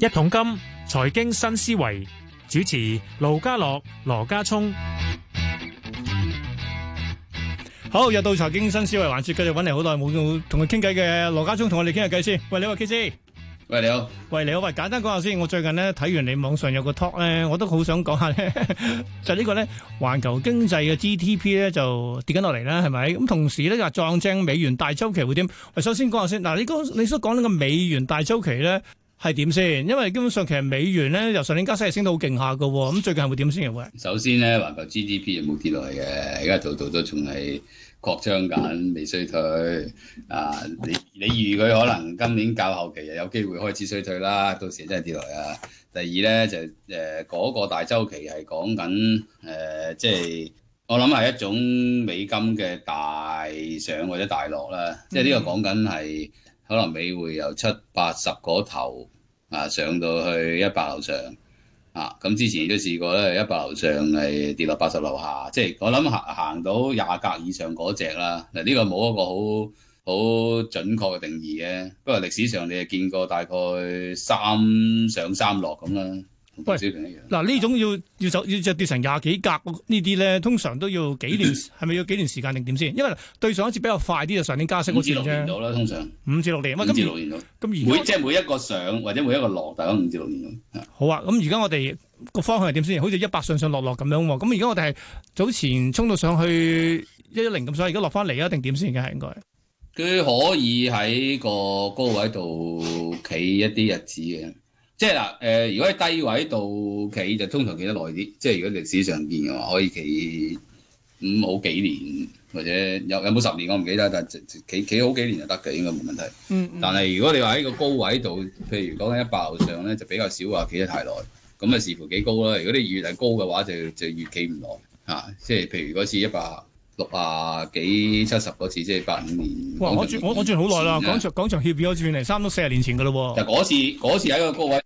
一桶金財經新思維，主持盧家樂羅家聰。好，又到財經新思維環節，繼續揾嚟好耐冇同佢傾偈嘅羅家聰，同我哋傾下偈先。喂，你好，KC。喂你好，喂你好，喂，簡單講下先。我最近咧睇完你網上有個 talk 咧，我都好想講下咧， 就呢個咧環球經濟嘅 GDP 咧就跌緊落嚟啦，係咪？咁同時咧就話撞正美元大周期會點？喂，首先講下先。嗱，你講你所講呢個美元大周期咧。係點先？因為基本上其實美元咧由上年加息又升到好勁下嘅，咁最近係會點先嘅會？首先咧，環球 GDP 又冇跌落嚟嘅，而家度度都仲係擴張緊，未衰退。啊，你你預佢可能今年較後期又有機會開始衰退啦。到時真係跌落嚟啊？第二咧就誒嗰、呃嗰個大周期係講緊誒，即係我諗係一種美金嘅大上或者大落啦。即係呢個講緊係。嗯可能美匯由七八十個頭啊上到去一百樓上啊，咁之前都試過咧，一百樓上係跌落八十樓下，即係我諗行行到廿格以上嗰隻啦。嗱，呢個冇一個好好準確嘅定義嘅，不過歷史上你係見過大概三上三落咁啦。喂，嗱，呢種要要走要，就跌成廿幾格呢啲咧，通常都要幾年？係咪要幾年時間定點先？因為對上一次比較快啲就上年加息嗰年五至六年到啦，通常。五至六年。五至六年咁而，即係每一個上或者每一個落，大概五至六年到。好啊，咁而家我哋個方向係點先？好似一百上上落落咁樣。咁而家我哋係早前衝到上去一一零咁，所以而家落翻嚟啊？定點先？而家係應該。佢可以喺個高位度企一啲日子嘅。即係嗱，誒、呃，如果喺低位度企，就通常企得耐啲。即係如果歷史上見嘅話，可以企咁好幾年，或者有有冇十年我唔記得，但係企企好幾年就得嘅，應該冇問題。嗯嗯。但係如果你話喺個高位度，譬如講緊一百樓上咧，就比較少話企得太耐。咁啊，視乎幾高啦。如果你越嚟高嘅話，就就越企唔耐嚇。即、啊、係、就是、譬如嗰次一百。六啊幾七十嗰次，即係八五年。哇！我轉我我轉好耐啦，廣前場廣場協議嗰次轉嚟三到四十年前噶咯。就嗰次次喺個高位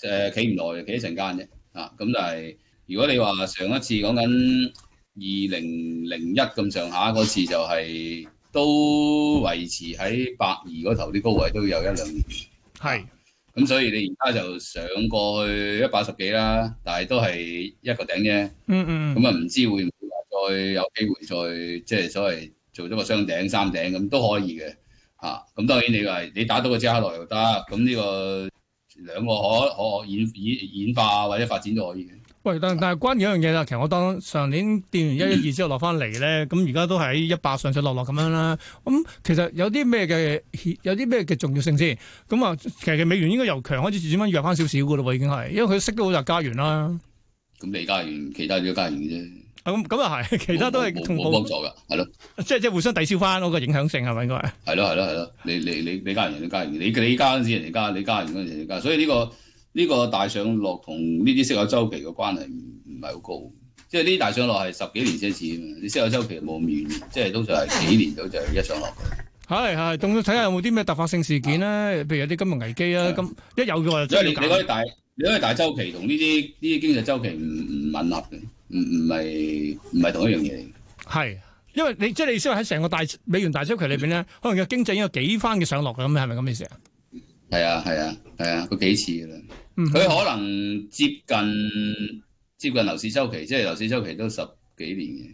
誒企唔耐，企、呃、一陣間啫。啊，咁但係如果你話上一次講緊二零零一咁上下嗰次，就是，就係都維持喺八二嗰頭啲高位，都有一兩年。係是。咁所以你而家就上過去一百十幾啦，但係都係一個頂啫。嗯嗯。咁啊、嗯，唔知會？再有機會再即係所謂做咗個雙頂、三頂咁都可以嘅嚇。咁、啊、當然你話你打到個芝加哥又得。咁呢個兩個可可，可演演演化或者發展都可以。嘅。喂，但但係關於一樣嘢啦。其實我當上年美元一一二之後落翻嚟咧，咁而家都喺一百上上落落咁樣啦。咁、嗯、其實有啲咩嘅有啲咩嘅重要性先？咁啊，其實美元應該由強開始轉翻弱翻少少嘅咯喎，已經係因為佢息都好就加完啦。咁你加完，其他都加完嘅啫。咁咁啊係，其他都係冇冇幫助噶，係咯，即係即係互相抵消翻嗰個影響性係咪應該？係咯係咯係咯，你你你你加人哋加人你你加人哋加，你加完人哋加，人人加人人，所以呢個呢個大上落同呢啲息口周期嘅關係唔唔係好高，即係呢啲大上落係十幾年先一次啊，你息口周期冇咁遠，即係通常係幾年到就一上落嘅。係係，仲要睇下有冇啲咩突發性事件咧，譬如有啲金融危機啊，咁的一有咗就即刻你嗰啲擇大，你嗰啲大周期同呢啲呢啲經濟周期唔唔吻合嘅。唔唔係唔係同一樣嘢嚟嘅，係因為你即係、就是、你先喺成個大美元大周期裏邊咧，可能個經濟已經有幾番嘅上落嘅，咁，係咪咁嘅意思啊？係啊係啊係啊，佢、啊、幾次嘅啦，佢、嗯、哼可能接近接近樓市週期，即係樓市週期都十幾年嘅，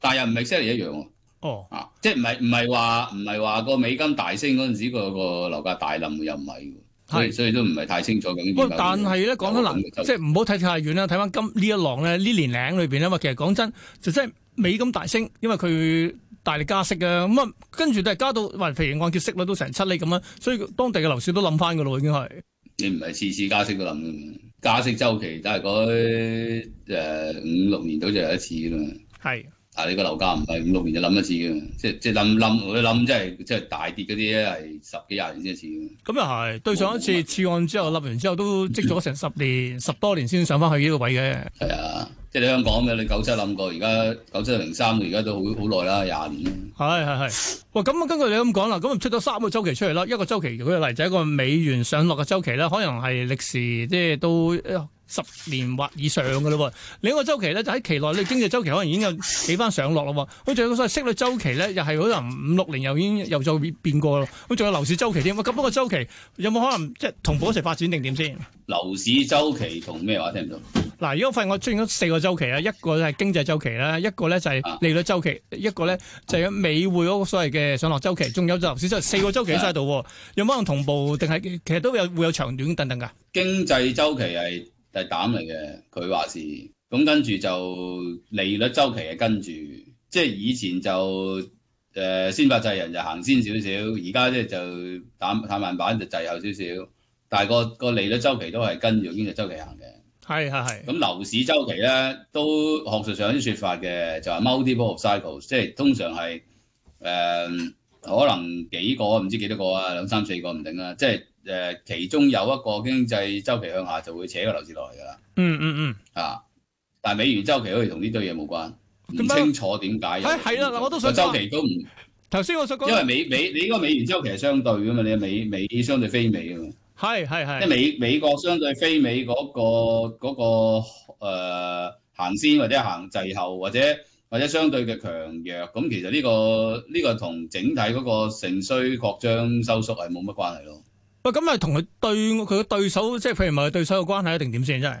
但係又唔係真係一樣喎。哦，啊，即係唔係唔係話唔係話個美金大升嗰陣時個個樓價大冧，又唔係。係，所以都唔係太清楚咁。喂是，但係咧講得能，即係唔好睇太遠啦。睇翻今呢一浪咧，呢年零裏邊咧，啊嘛，其實講真，就真係美金大升，因為佢大力加息啊。咁啊，跟住都係加到，喂，譬如按揭息率都成七厘咁啦。所以當地嘅樓市都冧翻噶啦，已經係。你唔係次次加息都冧，加息周期大概誒五六年到就有一次噶嘛？係。啊！呢個樓價唔係五六年就冧一次嘅，即即冧冧，佢冧即係即係大跌嗰啲咧，係十幾廿年先一次嘅。咁又係，對上一次次案之後立、嗯、完之後都積咗成十年、嗯、十多年先上翻去呢個位嘅。係啊，即、就、係、是、你香港嘅，你九七冧過，而家九七零三，而家都好好耐啦，廿年。係係係，喂！咁啊，根據你咁講啦，咁啊出咗三個週期出嚟啦，一個週期如果，舉個例就係、一個美元上落嘅週期啦，可能係歷時即係都。十年或以上嘅咯喎，另一個周期咧就喺期內咧，經濟周期可能已經有幾番上落咯喎，咁仲有所謂息率周期咧，又係可能五六年又已經又再變過咯，好，仲有樓市周期添，咁嗰個周期有冇可能即係同步一齊發展定點先？樓市周期同咩話聽唔到？嗱，如果發現我出現咗四個周期啦，一個係經濟周期啦，一個咧就係利率周期，一個咧就係美匯嗰個所謂嘅上落周期，仲有就樓市周係四個周期喺晒度，的有冇可能同步定係其實都會有會有長短等等噶？經濟周期係。係膽嚟嘅，佢話事。咁跟住就利率周期係跟住，即係以前就誒、呃、先發制人就行先少少，而家咧就探探慢板就滯後少少，但係、嗰個、嗰個利率周期都係跟住經濟周期行嘅。係係係。咁樓市周期咧都學術上啲説法嘅，就係、是、multiple cycles，即係通常係誒、呃、可能幾個唔知幾多個啊，兩三四個唔定啦，即係。誒，其中有一個經濟週期向下，就會扯個樓市落嚟㗎啦。嗯嗯嗯，啊，但係美元週期好似同呢堆嘢冇關，唔麼清楚點解。係啦、哎，我都想週期都唔頭先，我想講，因為美美你嗰個美元週期係相對㗎嘛，你美美，美相對非美㗎嘛。係係係，即係美美國相對非美嗰個嗰個誒行先或者行滯後或者或者相對嘅強弱，咁其實呢個呢個同整體嗰個成需擴張收縮係冇乜關係咯。喂，咁咪同佢對佢嘅對手，即係譬如唔係對手嘅關係一定，定點先？真係。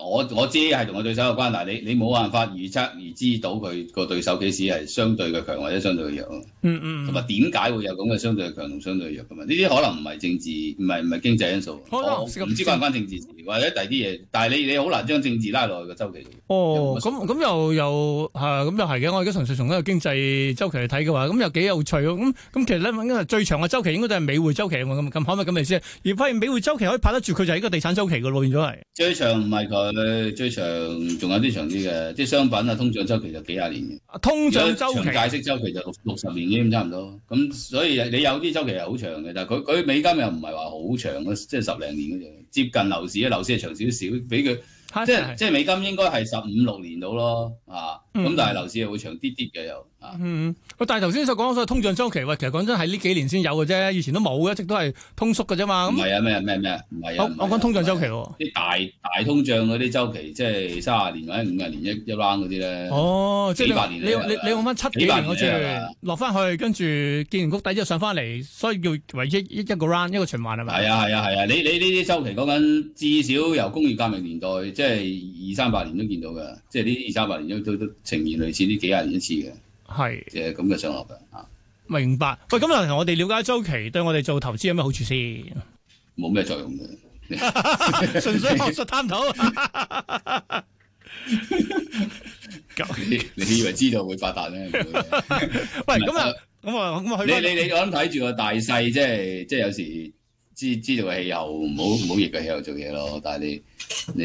我我知係同我對手有關，但係你你冇辦法預測而知道佢個對手幾時係相對嘅強或者相對嘅弱咯、嗯。嗯嗯，同埋點解會有咁嘅相對強同相對弱咁嘛？呢啲可能唔係政治，唔係唔係經濟因素。可能唔知關唔關政治事，或者第二啲嘢。但係你你好難將政治拉落去周、哦嗯、個周期、嗯嗯、周期周期。哦，咁咁又又吓，咁又係嘅。我而家純粹從一個經濟周期嚟睇嘅話，咁又幾有趣咯。咁咁其實咧，因為最長嘅周期應該都係美匯周期。咁咁可唔可以咁嚟先？而發現美匯周期可以拍得住，佢就係一個地產周期嘅咯。變咗係最長唔係佢。誒最長仲有啲長啲嘅，即係商品啊，通脹週期就幾廿年嘅。通脹週期、解息週期就六六十年嘅咁差唔多。咁所以你有啲週期係好長嘅，但係佢佢美金又唔係話好長嘅，即、就、係、是、十零年嗰陣，接近樓市啊，樓市係長少少，俾佢即係即係美金應該係十五六年到咯，啊咁但係樓市又會長啲啲嘅又啊，嗯，喂但係頭先所講所謂通脹週期，喂其實講真係呢幾年先有嘅啫，以前都冇嘅，一直都係通縮嘅啫嘛，唔係啊咩咩咩唔係啊，我講通脹週期喎，啲大大通脹嗰啲週期即係三十年或者五十年一 round 嗰啲咧，哦，即係你你你用翻七幾年嘅，落翻去跟住見完谷底之後上翻嚟，所以要維持一一個 round 一個循環啊嘛，係啊係啊係啊，你你呢啲週期。講緊至少由工業革命年代，即係二三百年都見到嘅，即係呢二三百年都都呈現類似呢幾廿年一次嘅，係是，即係咁嘅上落嘅吓。明白，喂，咁嗱，我哋了解周期對我哋做投資有咩好處先？冇咩作用嘅，純粹 學術探討 你以為知道會發達咧？ 喂，咁啊，咁 啊，咁啊你，你你你我諗睇住個大細，即係即係有時。知知道個氣候唔好唔好逆佢氣候做嘢咯。但係你你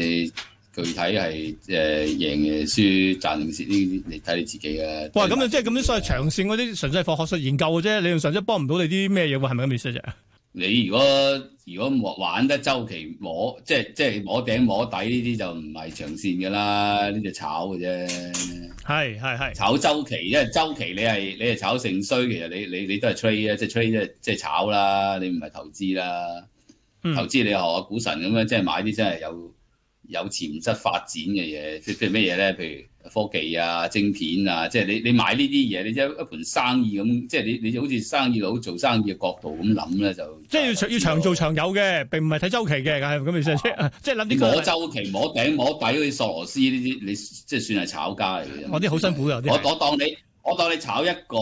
具體係誒贏的輸，的輸的賺蝕呢啲，你睇你自己啦。喂，咁啊，即係咁樣所謂長線嗰啲，純粹係學術研究嘅啫，你仲純粹幫唔到你啲咩嘢喎？係咪咁意思啫？你如果如果玩得周期摸，即係即係摸頂摸底呢啲就唔係長線嘅啦，呢啲就炒嘅啫。係係係。炒周期，因為周期你係你係炒盛衰，其實你你你都係 trade，啊，即係 trade 即係即係炒啦，你唔係投資啦。投資你學下股神咁樣，即係買啲真係有有潛質發展嘅嘢，即係咩嘢咧？譬如。科技啊，晶片啊，即係你你買呢啲嘢，你一一盤生意咁，即係你你就好似生意佬做生意嘅角度咁諗咧就，即係要長要長做長有嘅，並唔係睇周期嘅，係咁意思？哦，即係即係諗啲，周摸周期、摸頂、摸底嗰啲索羅斯呢啲，你即係算係炒家嚟嘅。我啲好辛苦，有啲嗎我我當你我當你炒一個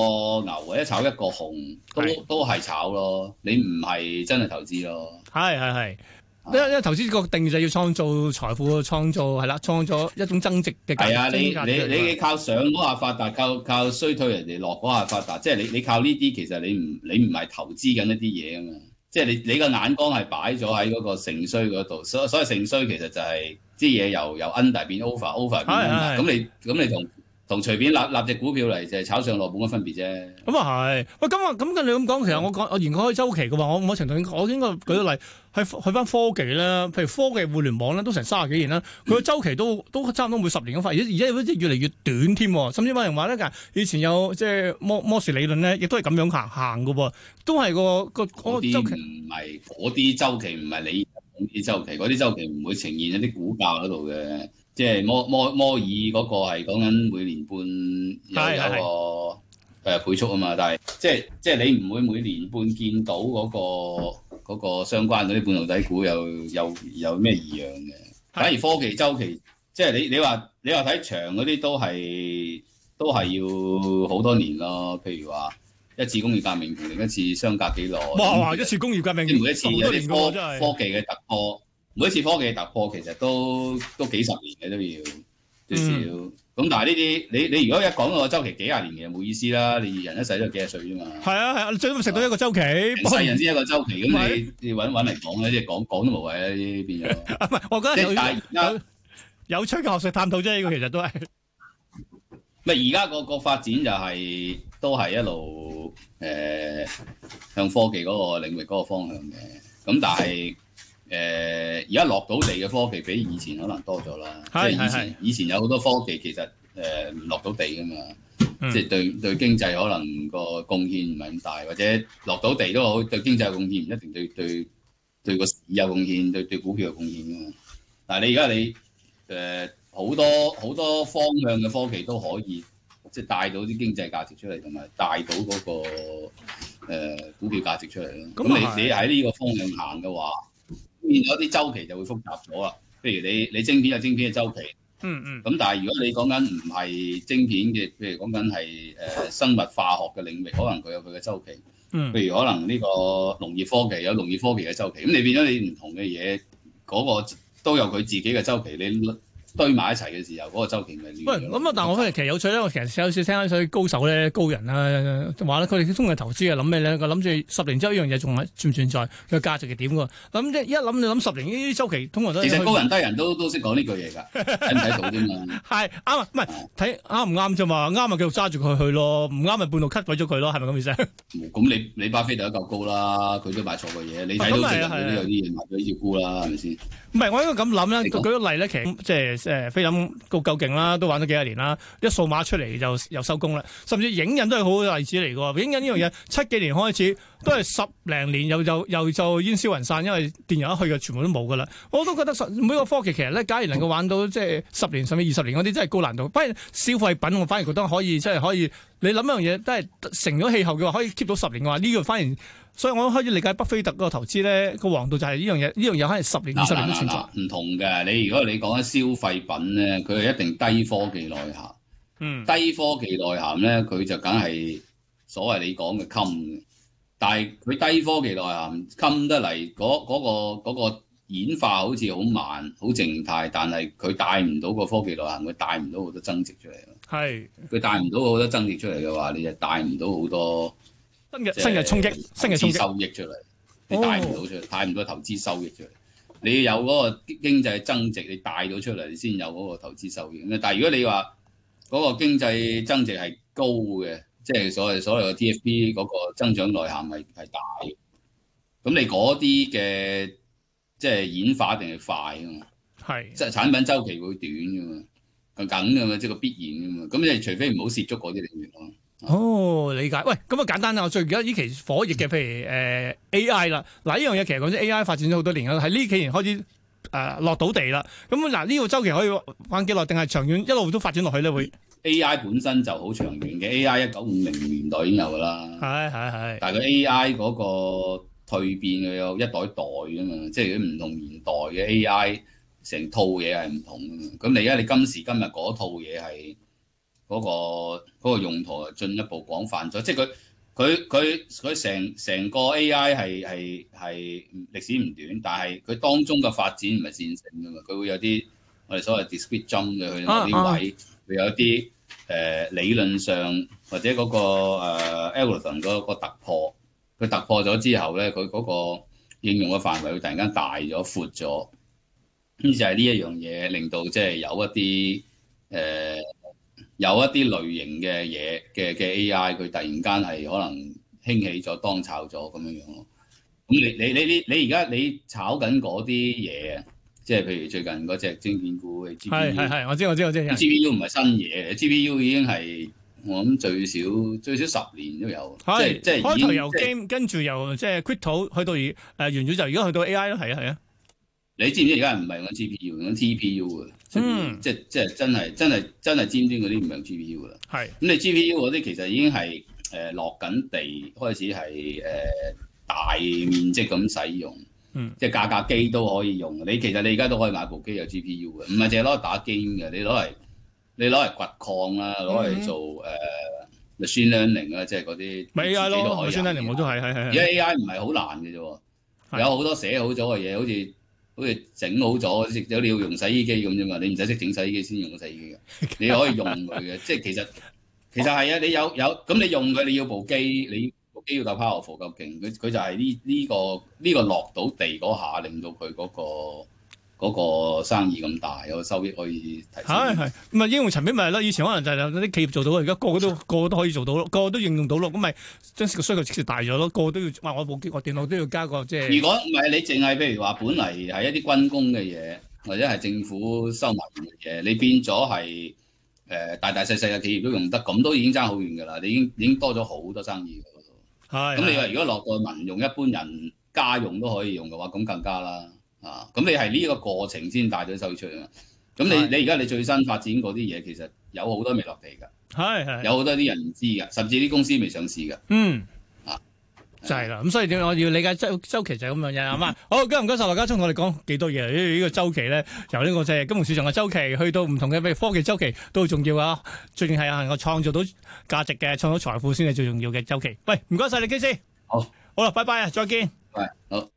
牛，一炒一個熊，都的都係炒咯，你唔係真係投資咯，咯的。係係係。的因為因為投資個定義就要創造財富，創造係啦，創造一種增值嘅。係啊，你你你靠上嗰下發達，靠靠衰退人哋落嗰下發達，即係你你靠呢啲，其實你唔你唔係投資緊一啲嘢啊嘛，即係你你個眼光係擺咗喺嗰個盛衰嗰度，所以所謂盛衰其實就係啲嘢由由 under 變 over，over over 變 under，咁你咁你同。同隨便立揦隻股票嚟就係炒上落盤嘅分別啫。咁啊係，喂咁啊咁，跟你咁講，其實我講我研究開周期嘅話，我我情同我應該舉個例去去翻科技啦，譬如科技互聯網啦，都成三十幾年啦，佢個周期都都差唔多每十年咁快，而且而家越嚟越短添，甚至有人話咧，以前有即係摩摩士理論咧，亦都係咁樣行行嘅喎，都係個個周期唔係嗰啲周期唔係你啲周期，嗰啲周期唔會呈現喺啲股價嗰度嘅。即係摩摩摩爾嗰個係講緊每年半又有，有個誒倍速啊嘛，但係即係即係你唔會每年半見到嗰、嗰個嗰個相關嗰啲半導體股有有有咩異樣嘅？是反而科技周期，即係你你話你話睇長嗰啲都係都係要好多年咯。譬如話一次工業革命同另一次相隔幾耐？哇！一次工業革命，十多一次，多一次，每一次科技嘅突破。每一次科技嘅突破，其實都都幾十年嘅都要，多少咁。嗯、但係呢啲，你你如果一講到個周期幾廿年嘅，冇意思啦。你二人一世都幾廿歲啫嘛。係啊係啊，啊你最多食到一個周期，啊、是人世人先一個周期。咁你是你揾嚟講咧，即係講講，講都冇謂啦，啲變咗。唔係， 我而家有有有，有趣嘅學術探討啫。呢個其實都係。唔而家個個發展就係、是、都係一路誒、嗯、向科技嗰個領域嗰個方向嘅。咁但係。而家落到地嘅科技比以前可能多咗啦，的即係以前的以前有好多科技，其實唔、呃、落到地噶嘛，即係的對對經濟可能個貢獻唔係咁大，或者落到地都好，對經濟濟貢獻唔一定對對對個市有貢獻，對對，對，對，對股票有貢獻噶嘛。但係你而家你誒好、呃、多好多方向嘅科技都可以，即係帶到啲經濟價值出嚟，同埋帶到嗰、那個、呃、股票價值出嚟咯。咁就你你喺呢個方向行嘅話。變咗啲周期就會複雜咗啦！譬如你你晶片有晶片嘅周期，嗯嗯，咁、嗯、但係如果你講緊唔係晶片嘅，譬如講緊係誒生物化學嘅領域，可能佢有佢嘅周期，嗯，譬如可能呢個農業科技有農業科技嘅周期，咁你變咗你唔同嘅嘢，嗰、那個都有佢自己嘅周期，你。堆埋一齊嘅時候，嗰、嗰個周期咪？喂，咁啊！但我反而其實有趣咧。我其實有少少聽啲所以高手咧、高人啦、啊，話咧佢哋通常投資啊諗咩咧？佢諗住十年之後呢樣嘢仲存唔存在？佢價值係點㗎？咁一諗就諗十年呢啲周期，通常都其實高人低人都都識講 呢句嘢㗎，睇睇到係啱啊，唔係睇啱唔啱啫嘛？啱啊，繼續揸住佢去咯；唔啱咪半路 cut 鬼咗佢咯，係咪咁意思？咁、嗯、你你巴菲特夠高啦，佢都買錯嘅嘢，你睇到佢都有啲嘢買咗呢啲股啦，係咪先？唔係、嗯嗯，我應該咁諗咧。你說 舉個例咧，其實即係。誒菲林夠夠勁啦，都玩咗幾十年啦，一數碼出嚟就又，又收工啦。甚至影印都係好例子嚟嘅，影印呢樣嘢七幾年開始都係十零年又又又就煙消雲散，因為電油一去嘅全部都冇噶啦。我都覺得每個科技其實咧，假如能夠玩到即係十年甚至二十年嗰啲，真係高難度。反而消費品我反而覺得可以，即係可以。你諗一樣嘢都係成咗氣候嘅話，可以 keep 到十年嘅話，呢個反而。所以我都可以理解北非特嗰個投資咧，個王道就係呢樣嘢，呢樣嘢可能十年二十、啊、年都存在。唔、啊啊啊、同嘅，你如果你講緊消費品咧，佢係一定低科技內涵。嗯，低科技內涵咧，佢就梗係所謂你講嘅襟嘅。但係佢低科技內涵襟得嚟，嗰嗰、那個那個演化好似好慢，好靜態。但係佢帶唔到個科技內涵，佢帶唔到好多增值出嚟咯。係是。佢帶唔到好多增值出嚟嘅話，你就帶唔到好多。新嘅新嘅衝擊，新嘅衝擊收益出嚟，你帶唔到出嚟，oh. 帶唔到投資收益出嚟。你要有嗰個經濟增值，你帶到出嚟，你先有嗰個投資收益。但係如果你話嗰、嗰個經濟增值係高嘅，即係所謂所謂嘅 TFP 嗰個增長內涵係係大，咁你嗰啲嘅即係演化定係快啊嘛？係即係產品周期會短嘅嘛？梗嘅嘛，即係個必然嘅嘛。咁你除非唔好涉足嗰啲領域咯。哦，理解。喂，咁啊簡單啦。我最記得呢期火熱嘅，譬如誒 A I 啦。嗱、呃，呢樣嘢其實講真，A I 發展咗好多年啦，喺呢幾年開始誒、呃、落到地啦。咁嗱，呢個周期可以玩幾耐，定係長遠一路都發展落去咧？會 A I 本身就好長遠嘅。A I 一九五零年代已經有啦。係係係。但係個 A I 嗰個蛻變，嘅有一代一代噶嘛，即係啲唔同年代嘅 A I 成套嘢係唔同。咁你而家你今時今日嗰套嘢係？嗰個用途進一步廣泛咗，即係佢佢佢佢成成個 AI 係係係歷史唔短，但係佢當中嘅發展唔係線性㗎嘛，佢會有啲我哋所謂 discrete jump 嘅去某啲位，會、啊啊、有啲誒、呃、理論上或者嗰、那個誒 algorithm 嗰個突破，佢突破咗之後咧，佢嗰個應用嘅範圍會突然間大咗、闊咗，咁就係呢一樣嘢令到即係有一啲誒。呃有一啲類型嘅嘢嘅嘅 A.I. 佢突然間係可能興起咗，當炒咗咁樣樣咯。咁你你你呢？你而家你，你炒緊嗰啲嘢啊？即係譬如最近嗰隻晶片股嘅係係係，我知我知我知。G.P.U. 唔係新嘢，G.P.U. 已經係我諗最少最少十年都有是。即係開頭由 game 跟住由即係 crypto 去到而誒完咗就而家去到 A.I. 咯，係啊係啊。你知唔知而家唔係用緊 G P U，用緊 T P U 嘅，即係即係真係真係真係尖端嗰啲唔用 G P U 嘅啦。係。咁你 G P U 嗰啲其實已經係誒落緊地，開始係誒大面積咁使用。嗯。即係架架機都可以用。你其實你而家都可以買部機有 G P U 嘅，唔係淨係攞嚟打 game 嘅，你攞嚟你攞嚟掘礦啦，攞嚟做誒 machine learning 啦，即係嗰啲。A I 咯，machine learning 我都係係係。而家 A I 唔係好難嘅啫，有好多寫好咗嘅嘢，好似。好似整好咗，有你要用洗衣機咁啫嘛，你唔使識整洗衣機先用個洗衣機嘅，你可以用佢嘅。即係其實其實係啊，你有有咁你用佢，你要部機，你部機要打 powerful，夠勁 power。佢佢就係呢呢個呢、呢個落到地嗰下，令到佢嗰、嗰個。嗰個生意咁大，有個收益可以提升。係係，咁啊應用層面咪係咯？以前可能就係嗰啲企業做到，而家個個都 個個都可以做到咯，個個都應用到咯。咁咪將個需求直接大咗咯，個個都要哇！我部機我電腦都要加個即係。如果唔係你淨係譬如話，本嚟係一啲軍工嘅嘢，或者係政府收買嘅嘢，你變咗係誒大大細細嘅企業都用得，咁都已經爭好遠㗎啦！你已經已經多咗好多生意㗎嗰度。係。咁你話如果落到民用，一般人家用都可以用嘅話，咁更加啦。啊，咁，嗯、你係呢一個過程先帶動收出啊，咁你你而家你最新發展嗰啲嘢，其實有好多未落地噶，係係，有好多啲人唔知噶，甚至啲公司未上市噶，嗯，啊、嗯，就係啦，咁所以點解我要理解周周期就係咁樣嘅嘛。好，今日唔該晒羅家聰，我哋講幾多嘢，這個，呢個周期咧，由呢個即係金融市場嘅周期，去到唔同嘅科技周期都好重要啊，最，有最重要係能夠創造到價值嘅，創造財富先係最重要嘅周期。喂，唔該晒你，KC，好，好啦，拜拜啊，再見，係，好。